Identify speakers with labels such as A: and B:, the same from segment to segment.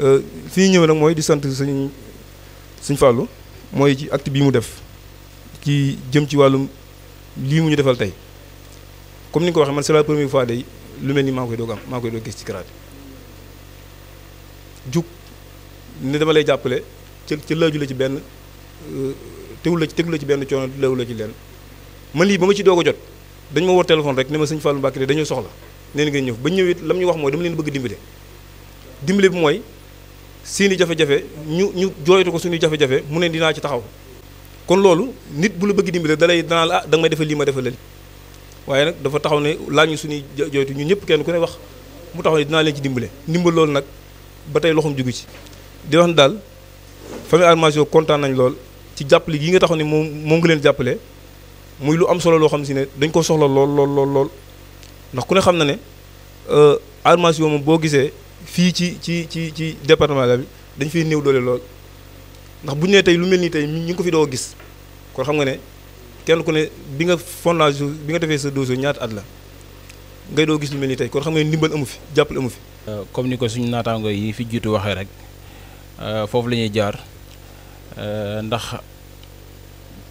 A: Euh, fii ñëw nag mooy di sant suñ suñ fàllu mooy ci acte bii mu def ci jëm ci wàllum lii mu ñu defal tey comme ni ko waxee man c'est la première fois day lu mel ni maa koy doog am maa koy doog gis ci karaat jug ne dama lay jàppale cël ci laaju la ci benn euh, tegu la ci tegu ci benn coono lewu la ci leen ma lii ba ma ci doog a jot dañ ma woo téléphone rek ne ma sëñ Fallou Mbacke dañoo soxla nee na ngeen ñëw ba ñëw la lam ñu wax mooy dama leen bëgg dimbale dimbale bi mooy seeni jafe-jafe ñu ñu jooytu ko suñuy jafe-jafe mu ne dinaa ci taxaw kon loolu nit bu la bëgg dimbale dalay danaa la ah danga may defal lii ma defal lii waaye nag dafa taxaw ne laaj ñu suñuy jooytu ñu ñëpp kenn ku ne wax mu taxaw ne dinaa leen ci dimbale ndimbal loolu nag ba tey loxoom jugu ci di wax ne daal famille Armadio kontaan nañu lool ci jàppale yi nga taxaw ne moom moo ngi leen jàppale muy lu am solo loo xam si ne dañ ko soxla lool lool lool lool ndax ku ne xam na ne euh, Armadio moom boo gisee fii ci ci ci ci département la bi dañ fiy néew doole lool ndax bu ñu nee tey lu mel nii tey ñu ngi ko fi doo gis kon xam nga ne kenn ku ne bi nga fondage bi nga defee sa dossier ñaat at la ngay doo gis lu mel nii tey kon xam nga ne ndimbal amu fi jàppale amu fi. Euh, comme ni ko suñu naataango yi fi
B: jiitu waxee rek euh, foofu la ñuy jaar euh, ndax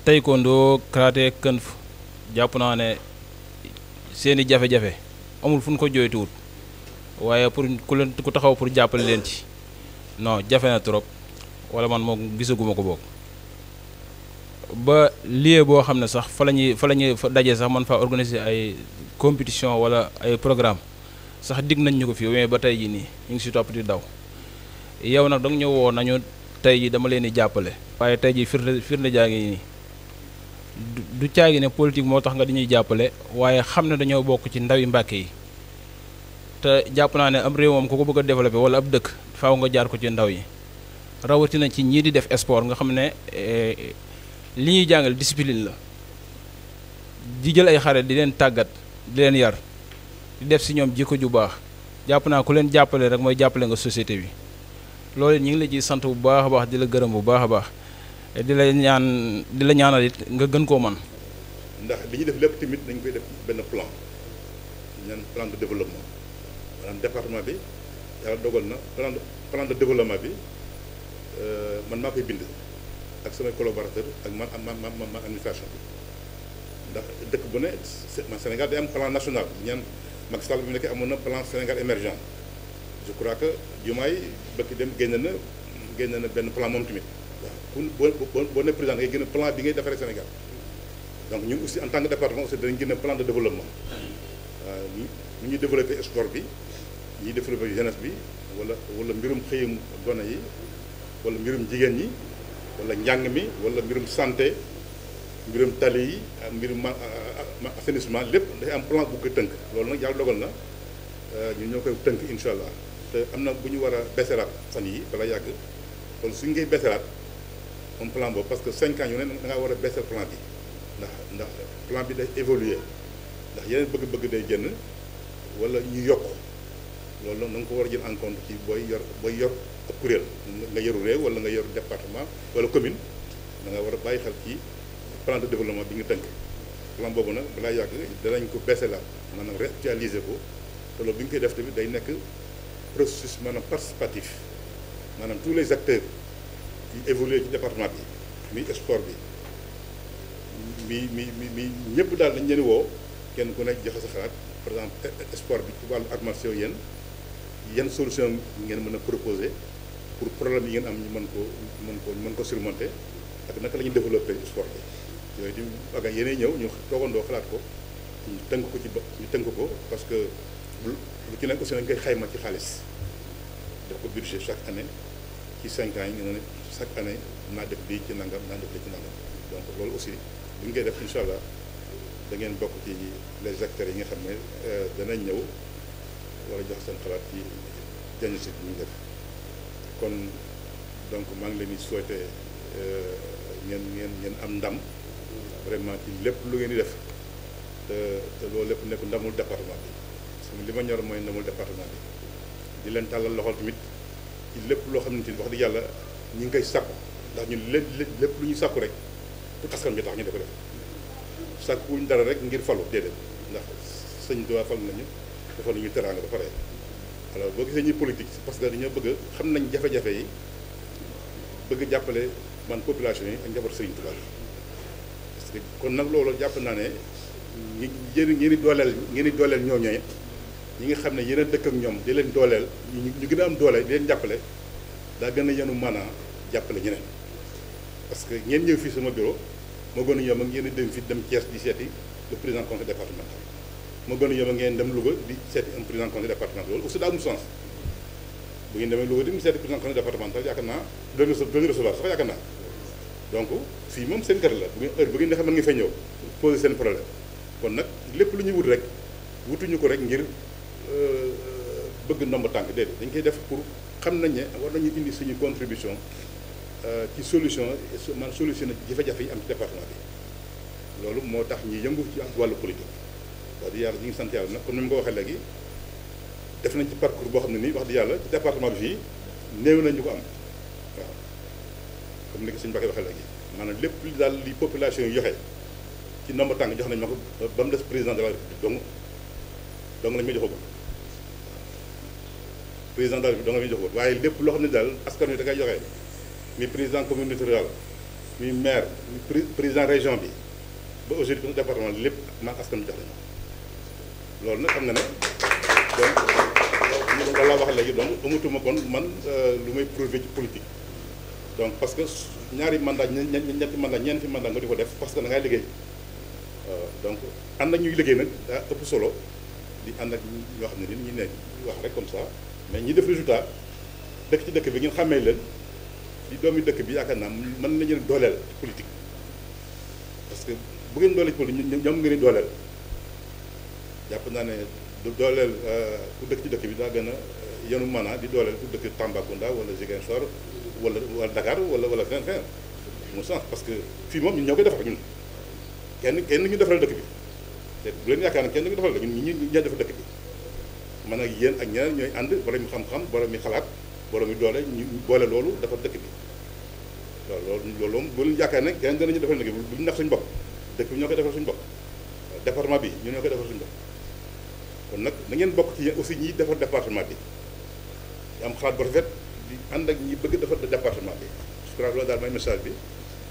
B: taekwondo karaté kënf jàpp naa ne seeni jafe-jafe amul fu ñu ko jooytuwul. waaye pour ku leen ku taxaw pour jàppale leen ci non jafe na trop wala man moom gisaguma ko boog ba lieu boo xam ne sax fa la ñuy fa la ñuy daje sax man fa organiser ay compétition wala ay programme sax digg nañ ñu ko fii mais ba tey jii nii ñu ngi si topp di daw yow nag danga ñëw woo nañu tey jii dama leen di jàppale waaye tey jii firnde firnde jaa ngi nii du caagi ne politique moo tax nga dañuy jàppale waaye xam ne dañoo bokk ci ndawi Mbàkke yi te jàpp naa ne am réew moom ku ko bëgg a développé wala ab dëkk faaw nga jaar ko ci ndaw yi rawatina ci ñii di def sport nga xam ne eh, li ñuy jàngal discipline la di jël ay xare di leen tàggat di leen yar di def si ñoom jikko ju baax jàpp naa ku leen jàppale rek mooy jàppale nga société bi loolu ñu ngi la ciy sant bu baax a baax di la gërëm bu baax a baax di la ñaan di la ñaanal it nga gën koo man
C: ndax li ñuy lépp dañ koy def benn plan ñaan plan maanaam département bi yàlla dogal na plan de plan développement bi euh, man maa koy bind ak samay collaborateur ak man ma ma ma administration bi ndax dëkk bu ne man Sénégal day am plan national ñaan Macky Sall bi mu nekk amoon na plan Sénégal émergent je crois que Diomaye bëkki dem génn na génn na benn plan moom tamit waaw pour boo boo ne président ngay gën plan bi ngay defaree Sénégal donc ñun aussi en tant que département aussi danañ gën a plan de développement waaw ñu ñu développé sport bi ñiy def revue jeunesse bi wala wala mbirum xëyam gone yi wala mbirum jigéen ñi walla njàng mi wala mbirum santé mbirum tali yi mbirum assainissement lépp day am plan bu ko tënk loolu nag yàlla na euh, ñu ñoo koy tënk incha allah te am na bu ñu war a beseraat fan yi bala yàgg kon su ngay beseraat moom plan boobu parce que cinq ans yu ne da ngaa war a beseel plan bi ndax ndax plan bi day évoluer ndax yeneen bëgg-bëgg day génn wala ñu yokk loolu nag na nga ko war a jël en compte ci booy yor booy yor ab kuréel nga yoru réew wala nga yor département wala commune da nga war a bàyyi xel ci plan de développement bi nga tënk plan boobu nag balaa yàgg danañ ko baisse la maanaam réactualiser ko te loolu bi ñu koy def tamit day nekk processus maanaam participatif maanaam tous les acteurs yi évolué ci département bi muy sport bi mi mi mi mi ñëpp daal dañ leen woo kenn ko nekk joxe sa xalaat par exemple e, e, sport bi ci wàllu arts martiaux yan solution ngeen mën a proposé pour problème yi ngeen am ñu mën ko mën ko mën ko surmonter ak naka la ñuy développer sport bi yooyu di ak yeneen ñëw ñu toogandoo xalaat ko ñu tënk ko ci ba ñu tënk ko parce que lu ci nekk aussi dañ koy xayma ci xaalis def ko budget chaque année ci cinq ans yi nga ne chaque année naa def lii ci nangam naa def lii ci nangam donc loolu aussi bu ñu def incha allah da ngeen bokk ci les acteurs yi nga xam ne euh, danañ ñëw. war a jox seen xalaat ci diagnostic bi ñu def kon donc maa ngi leen di souhaiter euh, ngeen ngeen ngeen am ndam vraiment ci lépp lu ngeen di def te te loolu lépp nekk ndamul département bi parce li ma ñor mooy ndamul département bi di leen tàllal loxo tamit ci lépp loo xamante ni wax di yàlla ñu ngi koy sàkku ndax ñun lépp lépp lu ñu sàkku rek askan bi tax ñu da ko def sàkkuwuñ dara rek ngir falu déedéet ndax sëñ Tuubaa fal nañu defal ñu teraanga ba pare alors boo gisee ñuy politique parce que dañoo bëgg xam nañ jafe-jafe yi bëgg jàppale man population yi ak njaboot Serigne Touba parce que kon nag loolu jàpp naa ne ñi jëriñ ngeen di dooleel ngeen di dooleel ñooñu ñi nga xam ne yeneen dëkk ak ñoom di leen dooleel ñu gën a am doole di leen jàppale daa gën a yenu maanaa jàppale ñeneen parce que ngeen ñëw fii suma bureau moo gën a yomb ak ngeen di dem fii dem Thiès di seeti le président conseil départemental moo gën a ngeen dem Louga di seeti un président conseil départemental bu ngeen demee Louga di seeti président conseil départemental yaakaar naa doon recevoir donc fii moom seen kër la bu ngeen heure bu ngeen di xam ne nga fay ñëw kon nag lépp lu ñuy wut rek wutuñu ko rek ngir euh, bëgg ndomb tànk déedéet dañ koy def pour xam nañ ne war nañu indi suñu contribution euh, ci solution man solution na jafe-jafe am ci bi loolu moo tax ñuy yëngu ci wàllu politique wax dëgg yàlla ñu ngi sant yàlla nag comme ni mu ko waxee léegi def nañ ci parcours boo xam ne nii wax di yàlla ci département bi fii néew nañ ñu ko am waaw comme ni ko suñu mbokk waxee léegi maanaam lépp li daal li population yi joxe ci nombre tàng jox nañ ma ko ba mu président de la république dong dong lañ ma joxagul de la république dong lañ waaye lépp loo xam ne daal askan wi da ngay joxe mi président communauté rurale mi maire mi président région bi ba aujourd'hui département lépp man askan wi jox nañ ma loolu nag xam na ne donc loolu laa wax léegi donc amatuma kon man euh, lu may prouver ci politique donc parce que ñaari mandat ñetti ñeen ñeenti mandat nga di ko def parce que da ngay liggéey euh, donc ànd ak ñuy liggéey nag daa ëpp solo di ànd ak ñoo xam ne ni ñu ne wax rek comme ça mais ñi def résultat dëkk ci dëkk bi ngeen xàmmee leen di doomi dëkk bi yaakaar naa mën nañu dooleel politique parce que bu ngeen dooleel ci politique ñoom ngeen dooleel yàpp naa ne du dooleel euh, ku dëkk ci dëkk bi daa gën a euh, yenu maanaa di dooleel ku dëkk Tambacounda wala Ziguinchor wala wala Dakar wala wala feneen feneen mu sens parce que fii moom ñun ñoo koy defar ñun kenn kenn ñu defaral dëkk te bu leen yaakaar kenn ñu defaral la ñun ñu ñoo defar dëkk bi man ak yéen ak ñeneen ñooy ànd borom xam-xam borom mi xalaat borom mi doole ñu boole loolu defar dëkk bi waaw loolu loolu bu leen yaakaar ne kenn danañu defal dëkk bi bu ñu nax suñ bopp dëkk bi ñoo koy defar suñu bopp département bi ñu ñoo koy defar suñu bopp kon nag na ngeen bokk ci aussi ñiy defar département bi di am xalaat bu rafet di ànd ak ñi bëgg defar département bi je crois loolu daal may message bi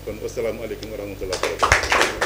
C: kon asalaamaaleykum wa rahmatulah.